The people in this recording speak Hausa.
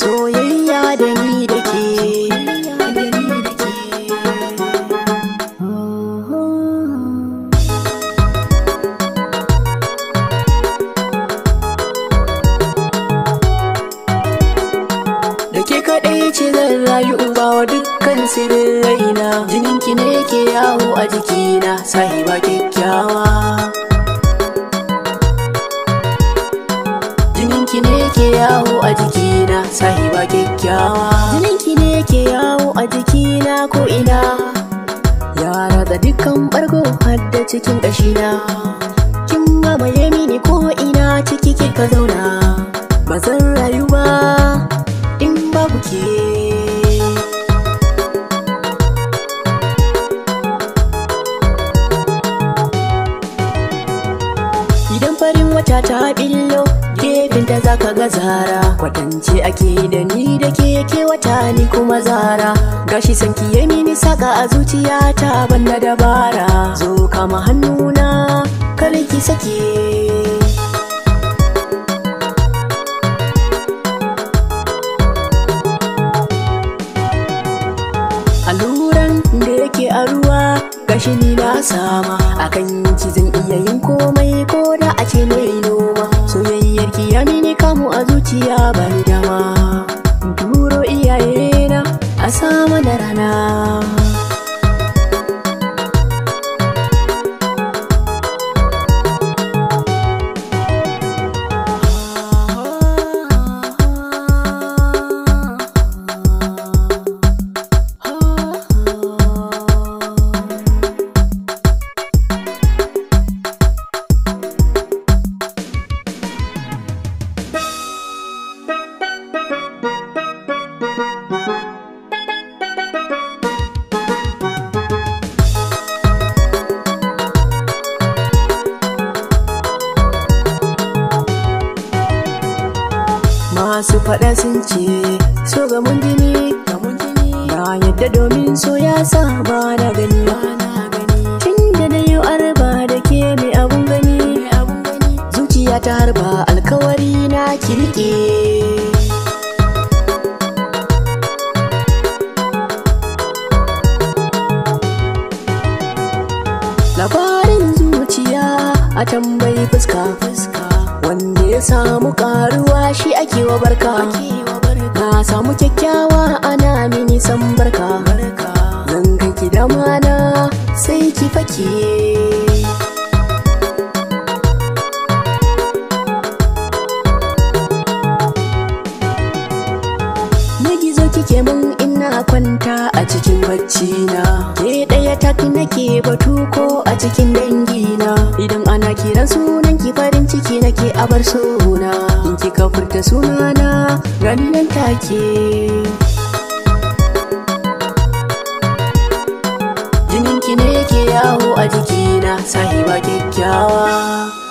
soyayya da ni da ke Da ke kaɗai ce zan rayu uba wa dukkan sirrin raina Jininki ne ke yawo a jikina sahiba kyakkyawa ko ina ya ratsa dukkan bargo har da cikin ƙashina kin mamaye mini ko ina ciki kika zauna ba zan rayu ba in babu ke farin wata ta billo da zaka ga zara kwatance ake da ni da ke ke ni kuma zara gashi sanki ya mini saka a zuciyata ban na dabara zo kama hannuna karki sake alluran da yake a ruwa gashi ni na sama akan ki zan iya yin komai ko da a ne Yeah. masu faɗa sun ce so ga mun jini na yadda domin so ya sa ba na gani tun da yi arba da ke mai abun gani zuciya ta harba alkawari na kirke labarin zuciya a tambayi fuska fuska wanda ya samu karuwa shi ake wa barka na samu kyakkyawa ana mini san barka Nan ga ki da mana sai ki fake kike mun na kwanta a cikin bacci na ke ɗaya taki nake batu ko a cikin dangi na idan ana kiran sunan ki farin ciki nake a bar suna in kika furta sunana rannan take jinin ki ne ke yawo a jikina sahiba kyakkyawa